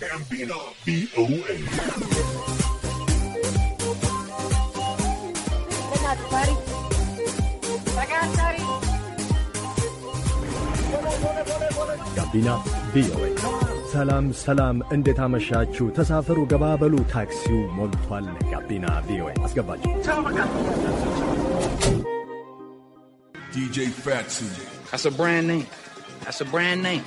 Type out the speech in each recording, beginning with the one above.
ጋቢና ቪኦኤ ጋቢና ቪኦኤ። ሰላም ሰላም፣ እንዴት አመሻችሁ? ተሳፈሩ፣ ገባበሉ፣ ታክሲው ሞልቷል። ጋቢና ቪኦኤ አስገባችሁ። DJ Fatsu. That's a brand name. That's a brand name.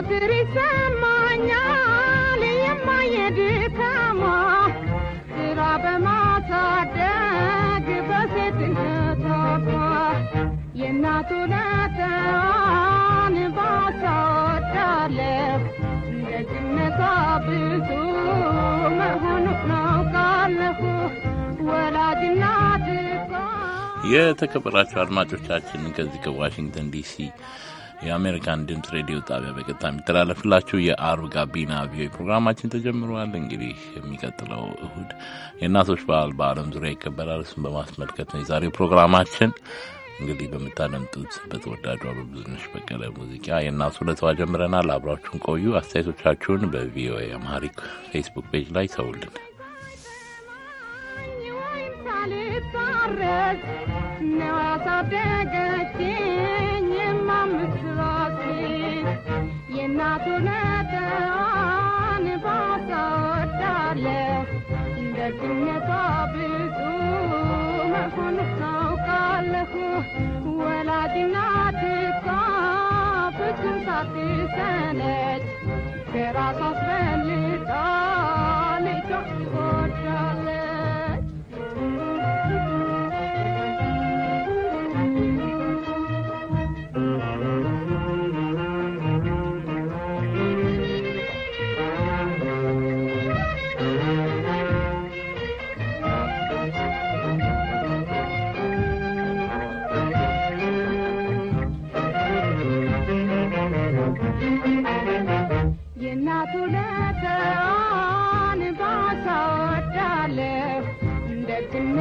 ዘወትር ይሰማኛል የማየድካማ ስራ በማሳደግ በሴትነቷ የእናቱ ነተዋን ባሳወዳለሁ ልጅነቷ ብዙ መሆኑ ናውቃለሁ ወላጅናት የተከበራችሁ አድማጮቻችን ከዚህ ከዋሽንግተን ዲሲ የአሜሪካን ድምፅ ሬዲዮ ጣቢያ በቀጥታ የሚተላለፍላችሁ የአርብ ጋቢና ቪኦኤ ፕሮግራማችን ተጀምረዋል። እንግዲህ የሚቀጥለው እሁድ የእናቶች በዓል በዓለም ዙሪያ ይከበራል። እሱን በማስመልከት ነው የዛሬው ፕሮግራማችን። እንግዲህ በምታደምጡት በተወዳጇ በብዙነሽ በቀለ ሙዚቃ የእናቱ ለተዋ ጀምረናል። አብራችሁን ቆዩ። አስተያየቶቻችሁን በቪኦኤ አማሪክ ፌስቡክ ፔጅ ላይ ተውልን። ነው ያሳደገች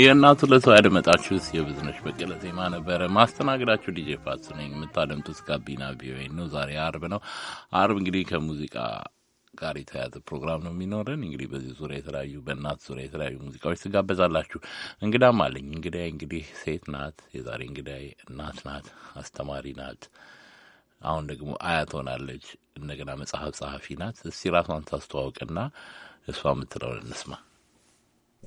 የእናቱ ለሰው ያደመጣችሁት የብዝነሽ በቀለ ዜማ ነበረ። ማስተናገዳችሁ ዲጄ ፋት ነኝ። የምታደምጡት ጋቢና ቪኦኤ ነው። ዛሬ አርብ ነው። አርብ እንግዲህ ከሙዚቃ ጋር የተያዘ ፕሮግራም ነው የሚኖረን። እንግዲህ በዚህ ዙሪያ የተለያዩ በእናት ዙሪያ የተለያዩ ሙዚቃዎች ትጋበዛላችሁ። እንግዳም አለኝ። እንግዳይ እንግዲህ ሴት ናት። የዛሬ እንግዳይ እናት ናት፣ አስተማሪ ናት። አሁን ደግሞ አያት ሆናለች። እንደገና መጽሐፍ ጸሐፊ ናት። እስቲ ራሷን ታስተዋውቅና እሷ የምትለውን እንስማ።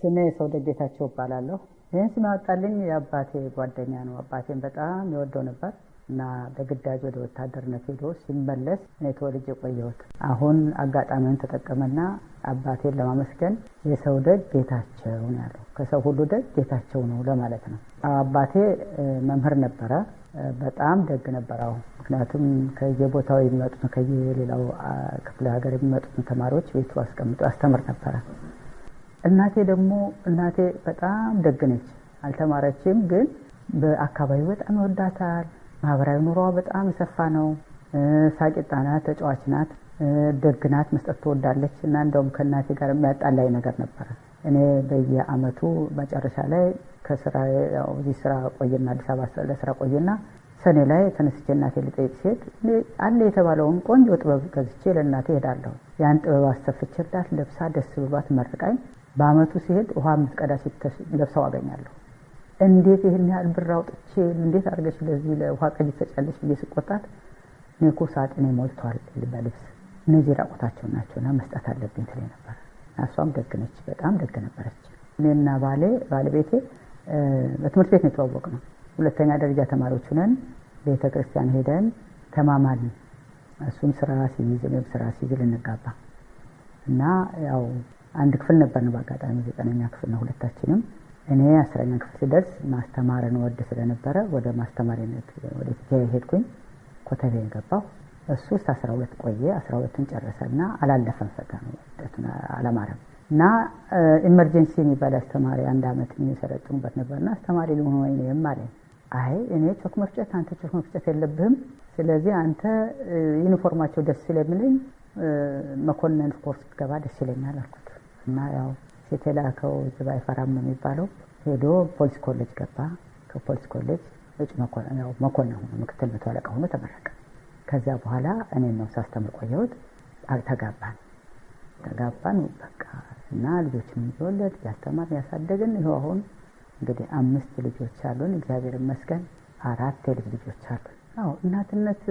ስሜ ሰውደ ጌታቸው እባላለሁ። ይህን ስም ያወጣልኝ የአባቴ ጓደኛ ነው። አባቴን በጣም የወደው ነበር እና በግዳጅ ወደ ወታደርነት ሄዶ ሲመለስ እኔ ተወልጄ አሁን አጋጣሚውን ተጠቀመና አባቴን ለማመስገን የሰው ደግ ጌታቸው ነው ያለው። ከሰው ሁሉ ደግ ጌታቸው ነው ለማለት ነው። አባቴ መምህር ነበረ። በጣም ደግ ነበረ። አሁን ምክንያቱም ከየቦታው የሚመጡ ከየሌላው ክፍለ ሀገር የሚመጡትን ተማሪዎች ቤቱ አስቀምጦ ያስተምር ነበረ። እናቴ ደግሞ እናቴ በጣም ደግነች። አልተማረችም፣ ግን በአካባቢው በጣም ይወዳታል። ማህበራዊ ኑሯ በጣም የሰፋ ነው። ሳቂጣ ናት፣ ተጫዋች ናት፣ ደግናት፣ መስጠት ትወዳለች። እና እንደውም ከእናቴ ጋር የሚያጣላይ ነገር ነበረ። እኔ በየአመቱ መጨረሻ ላይ ከስራ እዚህ ስራ ቆይና አዲስ አበባ ለስራ ቆይና ሰኔ ላይ ተነስቼ እናቴ ልጠይቅ ሲሄድ አለ የተባለውን ቆንጆ ጥበብ ገዝቼ ለእናቴ ሄዳለሁ። ያን ጥበብ አሰፍቼላት ለብሳ ደስ ብሏት መርቃኝ በአመቱ ሲሄድ ውሃ የምትቀዳ ሴት ለብሰው አገኛለሁ። እንዴት ይህን ያህል ብር አውጥቼ እንዴት አድርገሽ ለዚህ ለውሃ ቀጅ ተጫለች ብዬ ስቆጣት እኔ እኮ ሳጥኔ ሞልቷል በልብስ እነዚህ ራቁታቸው ናቸውና መስጠት አለብኝ ትለኝ ነበር። እሷም ደግነች፣ በጣም ደግ ነበረች። እኔና ባሌ ባለቤቴ በትምህርት ቤት ነው የተዋወቅ ነው። ሁለተኛ ደረጃ ተማሪዎች ሁነን ቤተ ክርስቲያን ሄደን ተማማልን። እሱም ስራ ሲይዝ እኔም ስራ ሲይዝ ልንጋባ እና ያው አንድ ክፍል ነበርን በአጋጣሚ ዘጠነኛ ክፍል ነው ሁለታችንም። እኔ አስረኛ ክፍል ስደርስ ማስተማርን ወድ ስለነበረ ወደ ማስተማሪነት ወደ ትጃ ሄድኩኝ። ኮተቤ ገባሁ። እሱ እስከ አስራ ሁለት ቆየ። አስራ ሁለትን ጨረሰ እና ፈጋ ነው ውጤቱን አለማረም እና ኢመርጀንሲ የሚባል አስተማሪ አንድ አመት የሚሰለጥኑበት ነበርና አስተማሪ ልሆን ወይም አለኝ። አይ እኔ ቾክ መፍጨት አንተ ቾክ መፍጨት የለብህም ስለዚህ አንተ ዩኒፎርማቸው ደስ ስለሚለኝ መኮንን ኮርስ ገባ ደስ ይለኛል አልኩት። እና ያው የተላከው ዝባይ ፈራም ነው የሚባለው። ሄዶ ፖሊስ ኮሌጅ ገባ። ከፖሊስ ኮሌጅ እጭ መኮንን ሆኖ ምክትል መቶ አለቃ ሆኖ ተመረቀ። ከዚያ በኋላ እኔ ነው ሳስተምር ቆየሁት። ተጋባን ተጋባን በቃ እና ልጆችን የሚወለድ ያስተማር ያሳደግን ይኸው አሁን እንግዲህ አምስት ልጆች አሉን። እግዚአብሔር ይመስገን አራት የልጅ ልጆች አሉ። አዎ እናትነት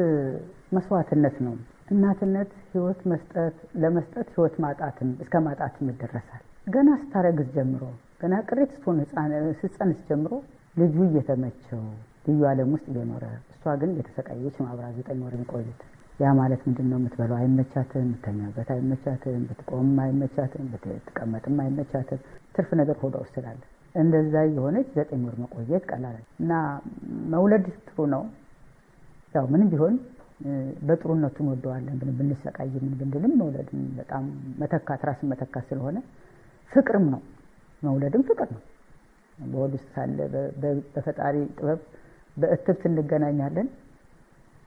መስዋዕትነት ነው። እናትነት ህይወት መስጠት ለመስጠት ህይወት ማጣትም እስከ ማጣትም ይደረሳል። ገና ስታረግዝ ጀምሮ ገና ቅሬት ስትሆን ስትጸንስ ጀምሮ ልጁ እየተመቸው ልዩ ዓለም ውስጥ እየኖረ እሷ ግን የተሰቃየች ማብራ ዘጠኝ ወር ቆይት ያ ማለት ምንድን ነው? የምትበላው አይመቻትም፣ የምተኛበት አይመቻትም፣ ብትቆምም አይመቻትም፣ ብትቀመጥም አይመቻትም። ትርፍ ነገር ሆዳ ውስጥ ስላለ እንደዛ የሆነች ዘጠኝ ወር መቆየት ቀላል እና መውለድ ጥሩ ነው። ያው ምንም ቢሆን በጥሩነቱ እንወደዋለን ብን ብንሰቃይ ምን ብንልም መውለድም በጣም መተካት ራስን መተካት ስለሆነ ፍቅርም ነው። መውለድም ፍቅር ነው። በሆድ ውስጥ ሳለ በፈጣሪ ጥበብ በእትብት እንገናኛለን።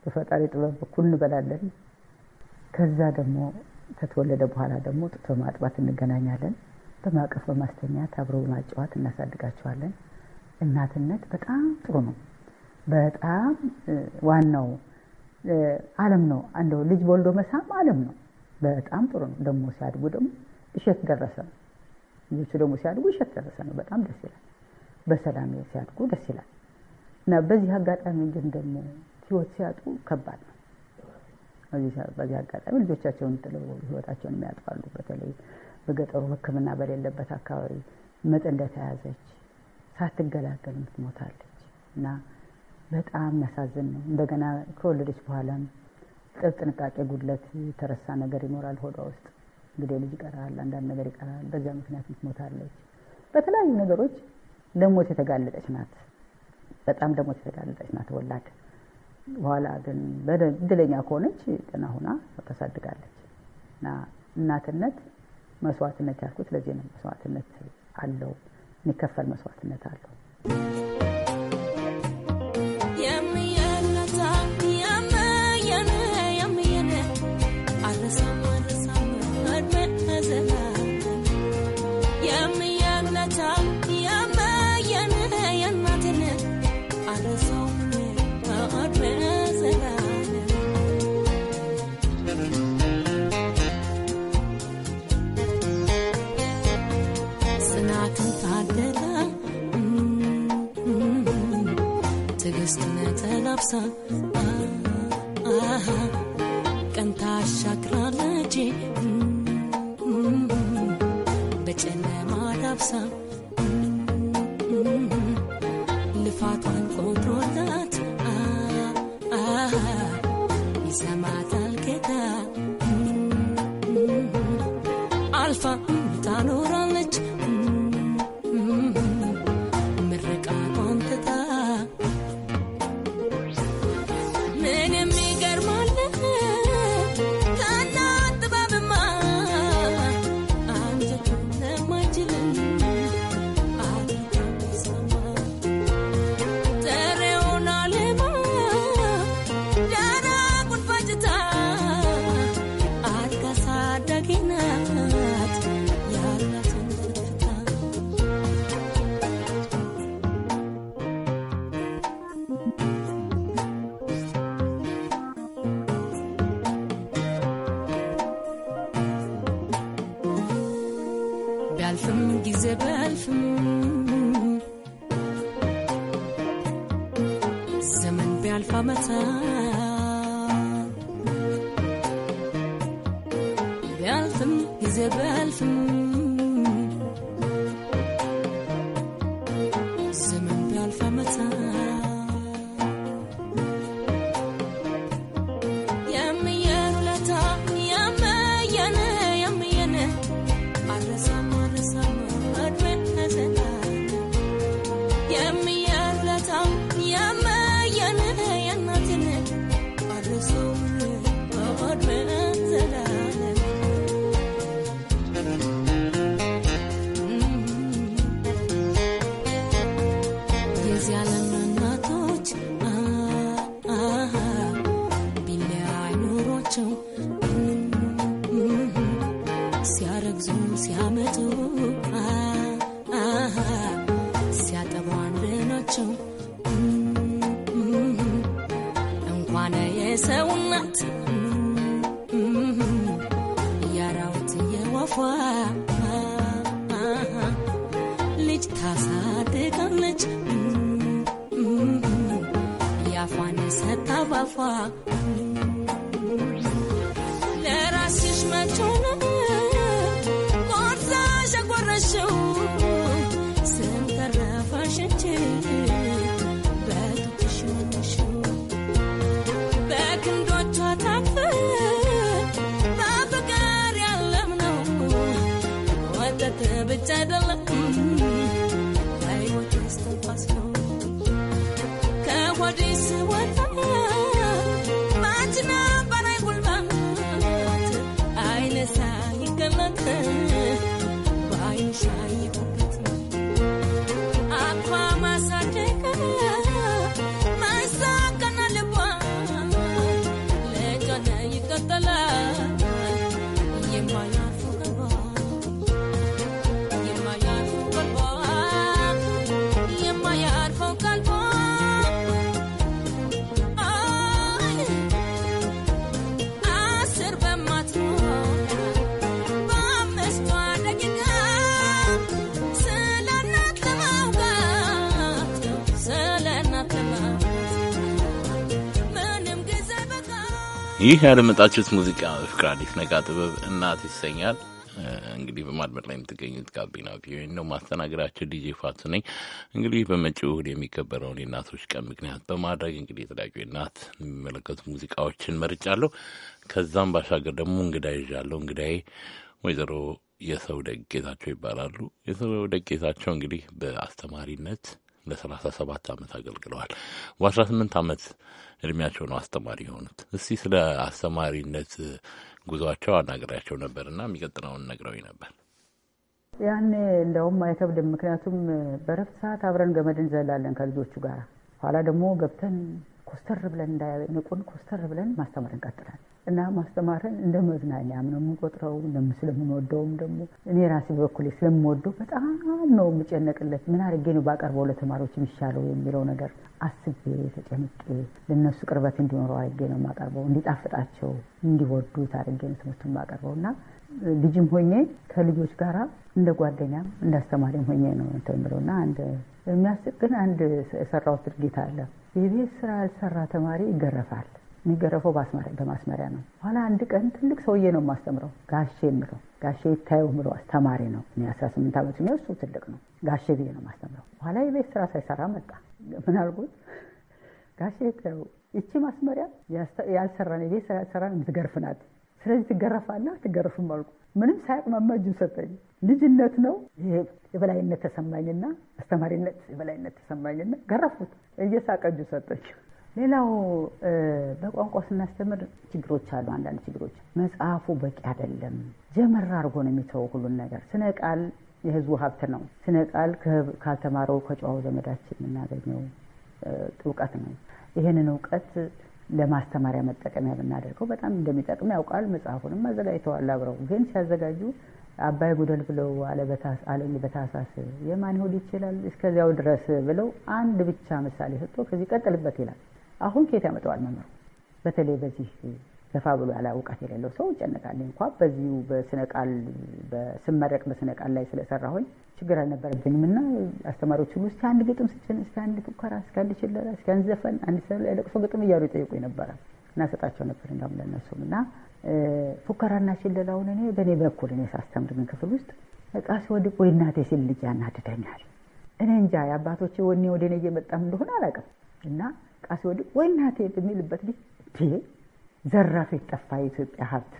በፈጣሪ ጥበብ እኩል እንበላለን። ከዛ ደግሞ ከተወለደ በኋላ ደግሞ ጡት በማጥባት እንገናኛለን። በማቀፍ በማስተኛት አብሮ በማጫወት እናሳድጋቸዋለን። እናትነት በጣም ጥሩ ነው። በጣም ዋናው ዓለም ነው። እንደው ልጅ ወልዶ መሳም ዓለም ነው። በጣም ጥሩ ነው። ደግሞ ሲያድጉ ደግሞ እሸት ደረሰ ነው። ልጆቹ ደግሞ ሲያድጉ እሸት ደረሰ ነው። በጣም ደስ ይላል። በሰላም ሲያድጉ ደስ ይላል እና በዚህ አጋጣሚ ግን ደግሞ ህይወት ሲያጡ ከባድ ነው። በዚህ አጋጣሚ ልጆቻቸውን ጥለው ህይወታቸውን የሚያጥፋሉ። በተለይ በገጠሩ ሕክምና በሌለበት አካባቢ ምጥ እንደተያዘች ሳትገላገል ምትሞታለች እና በጣም የሚያሳዝን ነው። እንደገና ከወለደች በኋላም ጥብ ጥንቃቄ ጉድለት የተረሳ ነገር ይኖራል። ሆዷ ውስጥ እንግዲህ ልጅ ይቀራል፣ አንዳንድ ነገር ይቀራል። በዚያ ምክንያት ትሞታለች። በተለያዩ ነገሮች ለሞት የተጋለጠች ናት። በጣም ለሞት የተጋለጠች ናት ወላድ። በኋላ ግን እድለኛ ከሆነች ጤና ሁና ታሳድጋለች። እና እናትነት መስዋዕትነት ያልኩት ለዚህ ነው። መስዋዕትነት አለው፣ የሚከፈል መስዋዕትነት አለው። casa you. instead of ይህ ያደመጣችሁት ሙዚቃ ፍቅር አዲስ ነቃ ጥበብ እናት ይሰኛል። እንግዲህ በማድመጥ ላይ የምትገኙት ጋቢና ቪኦኤ ነው። ማስተናገዳቸው ዲጄ ፋቱ ነኝ። እንግዲህ በመጪው እሑድ የሚከበረውን የእናቶች ቀን ምክንያት በማድረግ እንግዲህ የተለያዩ የእናት የሚመለከቱ ሙዚቃዎችን መርጫለሁ። ከዛም ባሻገር ደግሞ እንግዳ ይዣለሁ። እንግዳዬ ወይዘሮ የሰው ደግ ጌታቸው ይባላሉ። የሰው ደግ ጌታቸው እንግዲህ በአስተማሪነት ለሰላሳ 37 ዓመት አገልግለዋል። በ በ18 ዓመት እድሜያቸው ነው አስተማሪ የሆኑት። እስቲ ስለ አስተማሪነት ጉዟቸው አናገሪያቸው ነበር እና የሚቀጥለውን ነግረውኝ ነበር። ያኔ እንደውም አይከብድም፣ ምክንያቱም በረፍት ሰዓት አብረን ገመድ እንዘላለን ከልጆቹ ጋር ኋላ ደግሞ ገብተን ኮስተር ብለን እንዳይንቁን ኮስተር ብለን ማስተማር እንቀጥላል እና ማስተማርን እንደ መዝናኛም ነው የምንቆጥረው። ስለምንወደውም ደግሞ እኔ ራሴ በኩል ስለምወደው በጣም ነው የምጨነቅለት። ምን አድርጌ ነው ባቀርበው ለተማሪዎች የሚሻለው የሚለው ነገር አስቤ ተጨንቄ ለነሱ ቅርበት እንዲኖረው አድርጌ ነው የማቀርበው። እንዲጣፍጣቸው እንዲወዱት አድርጌ ነው ትምህርቱን የማቀርበው እና ልጅም ሆኜ ከልጆች ጋራ እንደ ጓደኛም እንደ አስተማሪም ሆኜ ነው እንትን እና አንድ የሚያስቅ ግን አንድ የሰራሁት ድርጊት አለ የቤት ስራ ያልሰራ ተማሪ ይገረፋል። የሚገረፈው በማስመሪያ ነው። ኋላ አንድ ቀን ትልቅ ሰውዬ ነው የማስተምረው፣ ጋሼ የምለው ጋሼ ይታየው ምሎ አስተማሪ ነው። እኔ 18 ዓመት ነው፣ ትልቅ ነው። ጋሼ ብዬ ነው የማስተምረው። ኋላ የቤት ስራ ሳይሰራ መጣ። ምን አልኩት? ጋሼ ይታየው ይቺ ማስመሪያ ያልሰራን የቤት ስራ ያልሰራን የምትገርፍ ስለዚህ ትገረፋና ትገረፍም አልኩ። ምንም ሳያቅ መመጁን ሰጠኝ። ልጅነት ነው የበላይነት ተሰማኝና አስተማሪነት የበላይነት ተሰማኝና ገረፉት። እየሳቀ እጁ ሰጠች። ሌላው በቋንቋ ስናስተምር ችግሮች አሉ። አንዳንድ ችግሮች መጽሐፉ በቂ አይደለም። ጀመር አድርጎ ነው የሚተው ሁሉን ነገር። ስነ ቃል የህዝቡ ሀብት ነው። ስነ ቃል ካልተማረው ከጨዋው ዘመዳችን የምናገኘው እውቀት ነው። ይህንን እውቀት ለማስተማሪያ መጠቀሚያ ብናደርገው በጣም እንደሚጠቅም ያውቃል። መጽሐፉንም አዘጋጅተዋል። አብረው ግን ሲያዘጋጁ አባይ ጉደል ብለው አለኝ በታሳስ የማን ሆድ ይችላል እስከዚያው ድረስ ብለው አንድ ብቻ ምሳሌ ሰጥቶ ከዚህ ቀጥልበት ይላል። አሁን ከየት ያመጣዋል መምህሩ? በተለይ በዚህ ገፋ ብሎ ያለ እውቀት የሌለው ሰው ይጨነቃል። እንኳ በዚሁ በስነ ቃል ስመረቅ በስነ ቃል ላይ ስለሰራሁኝ ችግር አልነበረብኝም እና አስተማሪዎች ሁሉ እስኪ አንድ ግጥም ስጭን፣ እስኪ አንድ ፉከራ፣ እስኪ አንድ ችለራ፣ እስኪ አንድ ዘፈን፣ አንድ ለቅሶ ግጥም እያሉ ይጠይቁ ነበረ እና ሰጣቸው ነበር እንዳውም ለእነሱም እና ፉከራና ሽለላውን እኔ በእኔ በኩል እኔ ሳስተምር ምን ክፍል ውስጥ እቃ ሲወድቅ ወይ እናቴ ሲል ልጅ ያናድደኛል። እኔ እንጃ የአባቶች ወኔ ወደ እኔ እየመጣም እንደሆነ አላውቅም። እና እቃ ሲወድቅ ወይ እናቴ የሚልበት ልጅ ዘራፍ የጠፋ የኢትዮጵያ ሀብት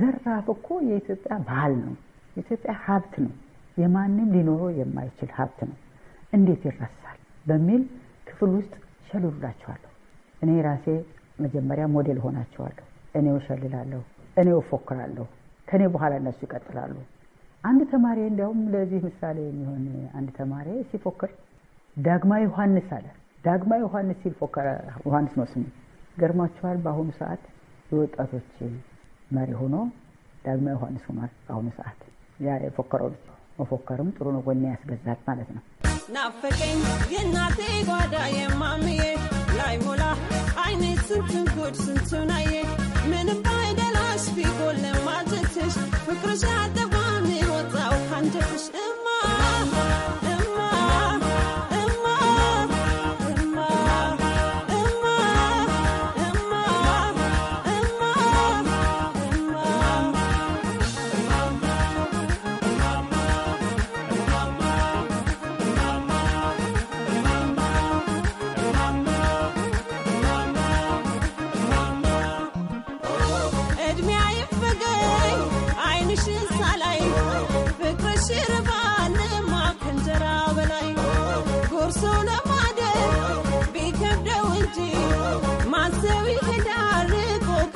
ዘራፍ እኮ የኢትዮጵያ ባህል ነው። የኢትዮጵያ ሀብት ነው። የማንም ሊኖረው የማይችል ሀብት ነው። እንዴት ይረሳል በሚል ክፍል ውስጥ ሸልሉላቸዋለሁ። እኔ ራሴ መጀመሪያ ሞዴል ሆናቸዋለሁ። እኔው እሸልላለሁ፣ እኔው እፎክራለሁ፣ ከእኔ በኋላ እነሱ ይቀጥላሉ። አንድ ተማሪ እንዲያውም ለዚህ ምሳሌ የሚሆን አንድ ተማሪ ሲፎክር ዳግማ ዮሐንስ አለ። ዳግማ ዮሐንስ ሲል ፎከረ። ዮሐንስ ነው ስሙ። ገርማችኋል። በአሁኑ ሰዓት የወጣቶች መሪ ሆኖ ዳግማ ዮሐንስ ሆኗል። በአሁኑ ሰዓት ያ የፎከረው መፎከርም ጥሩ ነው፣ ወኔ ያስገዛል ማለት ነው። ናፈቀኝ የእናቴ ጓዳ የማምዬ ላይ ሞላ አይኔ ስንቱን ጉድ ስንቱን አየ ምንም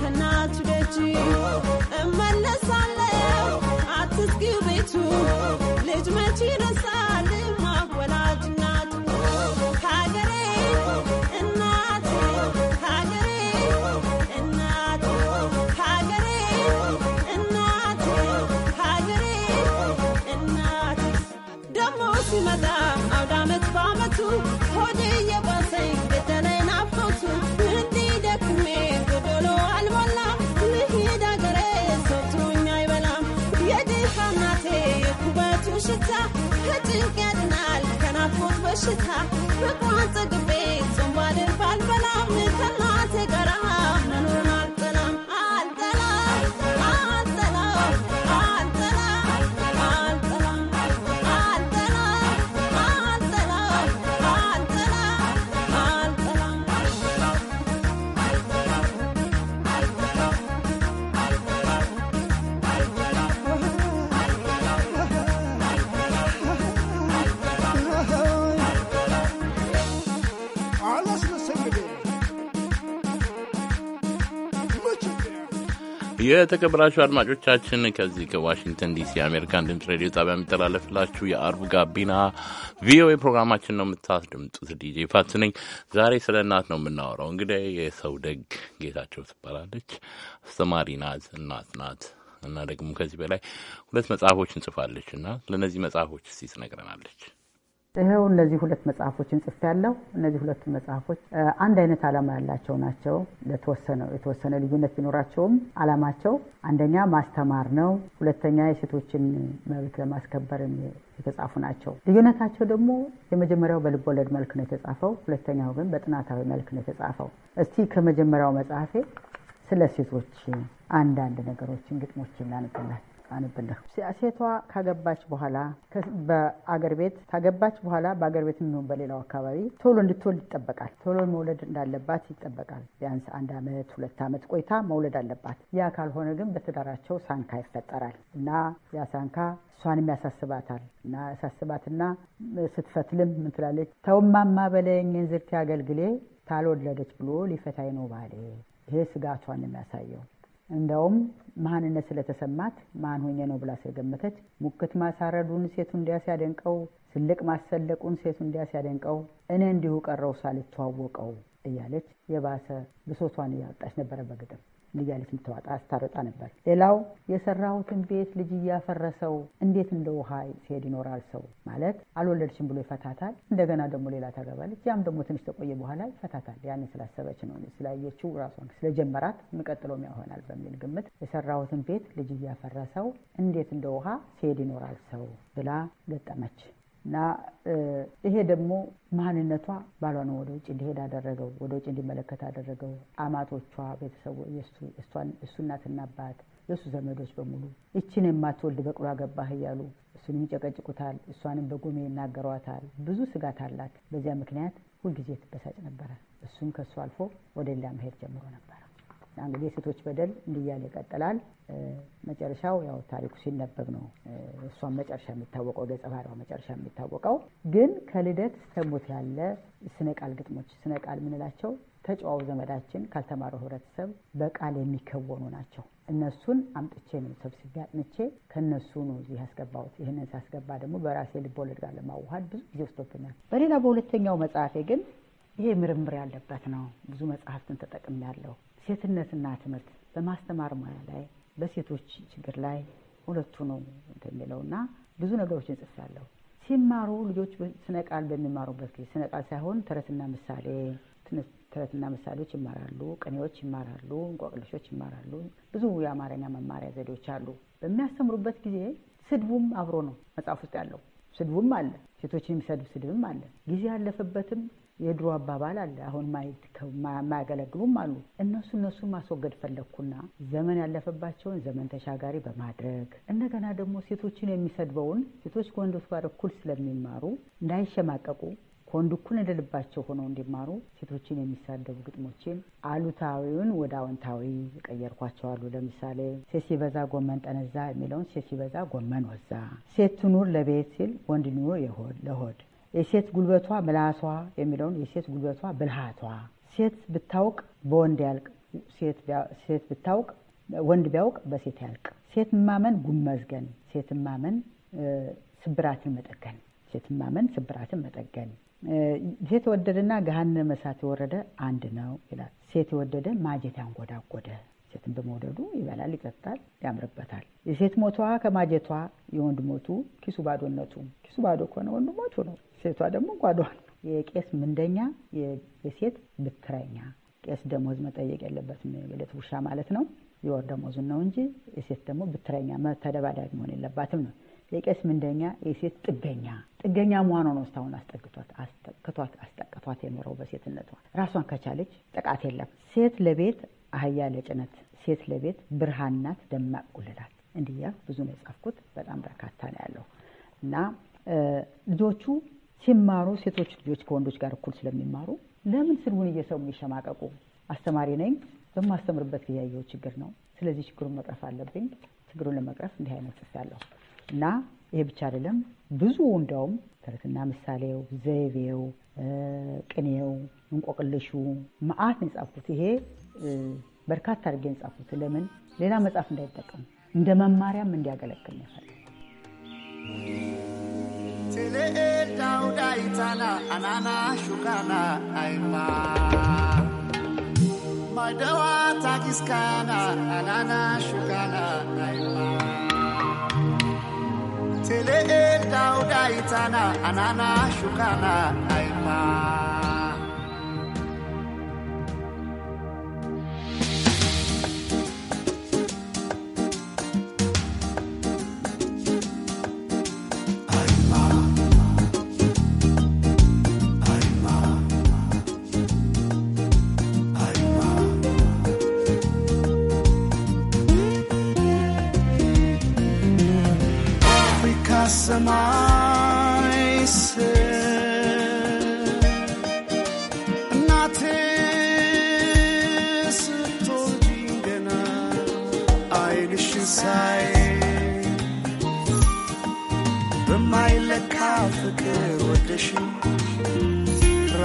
እናቱ ደጅ እመለሳለሁ አትስጊው ቤቱ ልጅ መቼ በሽታ ከጭንቅ ያድናል ከናፎት በሽታ በቋንጸ ግቤ ጾም ባድር ባልበላም ከእናቴ ጋር መኖር የተከበራችሁ አድማጮቻችን ከዚህ ከዋሽንግተን ዲሲ የአሜሪካን ድምፅ ሬዲዮ ጣቢያ የሚተላለፍላችሁ የአርብ ጋቢና ቪኦኤ ፕሮግራማችን ነው የምታስደምጡት። ዲጄ ፋት ነኝ። ዛሬ ስለ እናት ነው የምናወራው። እንግዲህ የሰው ደግ ጌታቸው ትባላለች። አስተማሪ ናት፣ እናት ናት እና ደግሞ ከዚህ በላይ ሁለት መጽሐፎች እንጽፋለች እና ለእነዚህ መጽሐፎች እስቲ ትነግረናለች። ይኸው እነዚህ ሁለት መጽሐፎችን ጽፍ ያለው እነዚህ ሁለቱ መጽሐፎች አንድ አይነት ዓላማ ያላቸው ናቸው። ለተወሰነ የተወሰነ ልዩነት ቢኖራቸውም ዓላማቸው አንደኛ ማስተማር ነው፣ ሁለተኛ የሴቶችን መብት ለማስከበር የተጻፉ ናቸው። ልዩነታቸው ደግሞ የመጀመሪያው በልቦለድ መልክ ነው የተጻፈው፣ ሁለተኛው ግን በጥናታዊ መልክ ነው የተጻፈው። እስቲ ከመጀመሪያው መጽሐፌ ስለ ሴቶች አንዳንድ ነገሮችን ግጥሞችን ላንብላቸው። አነብልህ። ሴቷ ካገባች በኋላ በአገር ቤት ካገባች በኋላ በአገር ቤት የሚሆን በሌላው አካባቢ ቶሎ እንድትወልድ ይጠበቃል። ቶሎ መውለድ እንዳለባት ይጠበቃል። ቢያንስ አንድ ዓመት ሁለት ዓመት ቆይታ መውለድ አለባት። ያ ካልሆነ ግን በትዳራቸው ሳንካ ይፈጠራል እና ያ ሳንካ እሷንም ያሳስባታል እና ያሳስባትና ስትፈትልም ምን ትላለች? ተውማማ በለኝ እንዝርቴ ያገልግሌ ካልወለደች ብሎ ሊፈታኝ ነው ባሌ። ይሄ ስጋቷን የሚያሳየው እንደውም ማንነት ስለተሰማት ማን ሆኜ ነው ብላ ስለገመተች ሙክት ማሳረዱን ሴቱ እንዲያ ሲያደንቀው፣ ትልቅ ማሰለቁን ሴቱ እንዲያ ሲያደንቀው፣ እኔ እንዲሁ ቀረው ሳልተዋወቀው እያለች የባሰ ብሶቷን እያወጣች ነበረ በግጥም ልያለች የምትዋጣ አስታረጣ ነበር። ሌላው የሰራሁትን ቤት ልጅ እያፈረሰው እንዴት እንደ ውሃ ሲሄድ ይኖራል ሰው ማለት አልወለድሽም ብሎ ይፈታታል። እንደገና ደግሞ ሌላ ታገባለች። ያም ደግሞ ትንሽ ተቆየ በኋላ ይፈታታል። ያን ስላሰበች ነው ስላየችው ራሷን ስለጀመራት የሚቀጥለውም ያሆናል በሚል ግምት የሰራሁትን ቤት ልጅ እያፈረሰው እንዴት እንደ ውሃ ሲሄድ ይኖራል ሰው ብላ ገጠመች። እና ይሄ ደግሞ ማንነቷ ባሏ ነው ወደ ውጭ እንዲሄድ አደረገው፣ ወደ ውጭ እንዲመለከት አደረገው። አማቶቿ፣ ቤተሰቡ፣ እሱ እናትና አባት፣ የእሱ ዘመዶች በሙሉ ይችን የማትወልድ በቅሎ ገባህ እያሉ እሱንም ይጨቀጭቁታል፣ እሷንም በጎሜ ይናገሯታል። ብዙ ስጋት አላት። በዚያ ምክንያት ሁልጊዜ ትበሳጭ ነበረ። እሱም ከእሱ አልፎ ወደ ሌላ መሄድ ጀምሮ ነበር። እንግዲህ የሴቶች በደል እንዲያል ይቀጥላል። መጨረሻው ያው ታሪኩ ሲነበብ ነው እሷም መጨረሻ የሚታወቀው ገጸ ባህሪዋ መጨረሻ የሚታወቀው ግን ከልደት እስከ ሞት ያለ ስነ ቃል ግጥሞች ስነ ቃል የምንላቸው ተጨዋው ዘመዳችን ካልተማረው ህብረተሰብ በቃል የሚከወኑ ናቸው። እነሱን አምጥቼ ነው ሰብስቤ አጥንቼ ከእነሱ ነው እዚህ ያስገባሁት። ይህንን ሳስገባ ደግሞ በራሴ ልቦወለድ ጋር ለማዋሃድ ብዙ ጊዜ ወስዶብኛል። በሌላ በሁለተኛው መጽሐፌ ግን ይሄ ምርምር ያለበት ነው። ብዙ መጽሐፍትን ያለው። ሴትነትና ትምህርት በማስተማር ሙያ ላይ በሴቶች ችግር ላይ ሁለቱ ነው እንደሚለው እና ብዙ ነገሮችን ጽፌያለሁ። ሲማሩ ልጆች ስነ ቃል በሚማሩበት ጊዜ ስነ ቃል ሳይሆን ተረትና ምሳሌ ተረትና ምሳሌዎች ይማራሉ፣ ቅኔዎች ይማራሉ፣ እንቋቅልሾች ይማራሉ። ብዙ የአማርኛ መማሪያ ዘዴዎች አሉ። በሚያስተምሩበት ጊዜ ስድቡም አብሮ ነው መጽሐፍ ውስጥ ያለው ስድቡም አለ፣ ሴቶችን የሚሰድብ ስድብም አለ። ጊዜ ያለፈበትም የድሮ አባባል አለ። አሁን ማያገለግሉም አሉ። እነሱ እነሱ ማስወገድ ፈለግኩና ዘመን ያለፈባቸውን ዘመን ተሻጋሪ በማድረግ እንደገና ደግሞ ሴቶችን የሚሰድበውን ሴቶች ከወንዶች ጋር እኩል ስለሚማሩ እንዳይሸማቀቁ ከወንድ እኩል እንደልባቸው ሆነው እንዲማሩ ሴቶችን የሚሳደቡ ግጥሞችን አሉታዊውን ወደ አዎንታዊ የቀየርኳቸው አሉ። ለምሳሌ ሴት ሲበዛ ጎመን ጠነዛ የሚለውን ሴት ሲበዛ ጎመን ወዛ፣ ሴት ትኑር ለቤት ሲል ወንድ ኑሮ ለሆድ የሴት ጉልበቷ ምላሷ የሚለውን የሴት ጉልበቷ ብልሃቷ፣ ሴት ብታውቅ በወንድ ያልቅ፣ ሴት ብታውቅ ወንድ ቢያውቅ በሴት ያልቅ። ሴት ማመን ጉም መዝገን፣ ሴት ማመን ስብራትን መጠገን፣ ሴት ማመን ስብራትን መጠገን። ሴት የወደደና ገሃነመ እሳት የወረደ አንድ ነው ይላል። ሴት የወደደ ማጀት ያንጎዳጎደ ሴትን በመውደዱ ይበላል፣ ይጠጣል፣ ያምርበታል። የሴት ሞቷ ከማጀቷ የወንድ ሞቱ ኪሱ ባዶነቱ። ኪሱ ባዶ ከሆነ ወንድ ሞቱ ነው፣ ሴቷ ደግሞ ጓዷ ነው። የቄስ ምንደኛ የሴት ብትረኛ። ቄስ ደሞዝ መጠየቅ የለበትም የለት ውሻ ማለት ነው። የወር ደሞዙን ነው እንጂ የሴት ደግሞ ብትረኛ ተደባዳቢ መሆን የለባትም ነው። የቄስ ምንደኛ የሴት ጥገኛ ጥገኛ መሆኗ ነው እስካሁን አስጠግቷት አስጠቅቷት አስጠቅቷት የኖረው በሴትነቷ ራሷን ከቻለች ጥቃት የለም። ሴት ለቤት አህያ ለጭነት፣ ሴት ለቤት ብርሃን ናት ደማቅ ጉልላት። እንዲያ ብዙ ነው የጻፍኩት። በጣም በርካታ ነው ያለው እና ልጆቹ ሲማሩ ሴቶች ልጆች ከወንዶች ጋር እኩል ስለሚማሩ ለምን ስድቡን እየሰሙ ይሸማቀቁ? አስተማሪ ነኝ። በማስተምርበት ጊዜ ያየው ችግር ነው። ስለዚህ ችግሩን መቅረፍ አለብኝ። ችግሩን ለመቅረፍ እንዲህ አይነት ጽፌያለሁ እና ይሄ ብቻ አይደለም። ብዙ እንደውም ተረትና ምሳሌው፣ ዘይቤው፣ ቅኔው፣ እንቆቅልሹ መዓት የጻፉት። ይሄ በርካታ አድርጌ የጻፉት ለምን ሌላ መጽሐፍ እንዳይጠቀም እንደ መማሪያም እንዲያገለግል ነው። ትልኤል አናና ሹካና አይማ ማደዋ ታጊስካና አናና ሹካና አይማ Tele eta itana anana shukana aipa.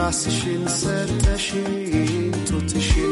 ራስሽን ሰተሽ ጡትሽን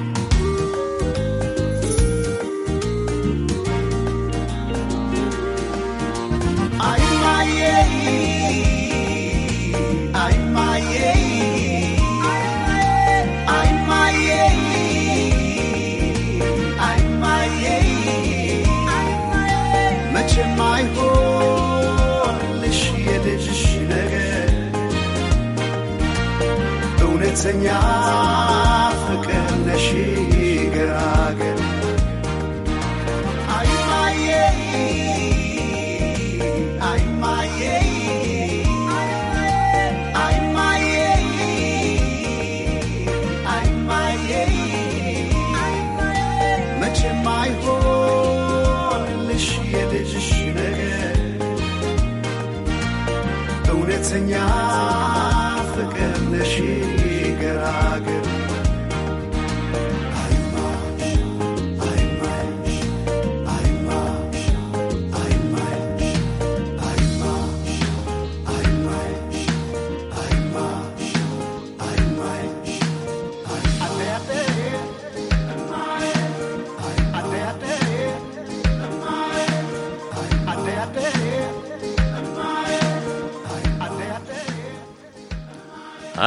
怎样？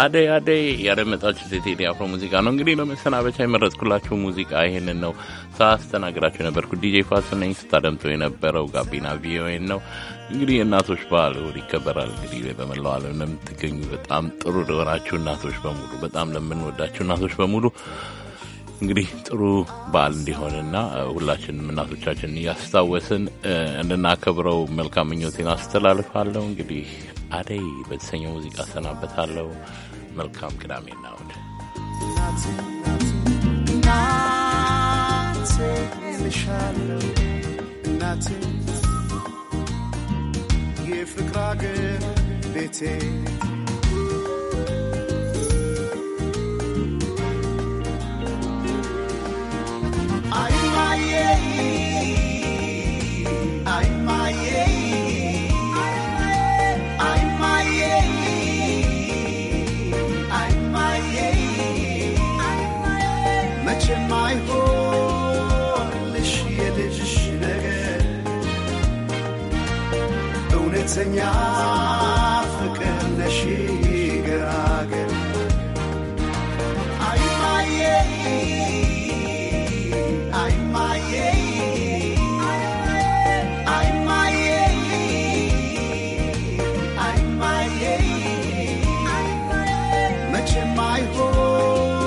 አደይ አደይ ያደመጣችሁ ቴቴዲ አፍሮ ሙዚቃ ነው። እንግዲህ ለመሰናበቻ የመረጥኩላችሁ ሙዚቃ ይሄንን ነው። ሳስተናግዳችሁ የነበርኩ ዲጄ ፋሱ ነኝ። ስታደምጡ የነበረው ጋቢና ቪኦኤ ነው። እንግዲህ እናቶች በዓል እሑድ ይከበራል። እንግዲህ በመላው ዓለም ለምትገኙ በጣም ጥሩ ለሆናችሁ እናቶች በሙሉ በጣም ለምንወዳችሁ እናቶች በሙሉ እንግዲህ ጥሩ በዓል እንዲሆንና ሁላችንም እናቶቻችን እያስታወስን እንድናከብረው መልካም ምኞቴን አስተላልፋለሁ። እንግዲህ አደይ በተሰኘው ሙዚቃ ሰናበታለሁ። መልካም ቅዳሜና እሁድ እናቴ የፍቅር አገር ቤቴ ደስተኛ ፍቅር ነሽ ገራገር አይማዬ አይማዬ አይማዬ አይማዬ መቼም አይሆንልሽ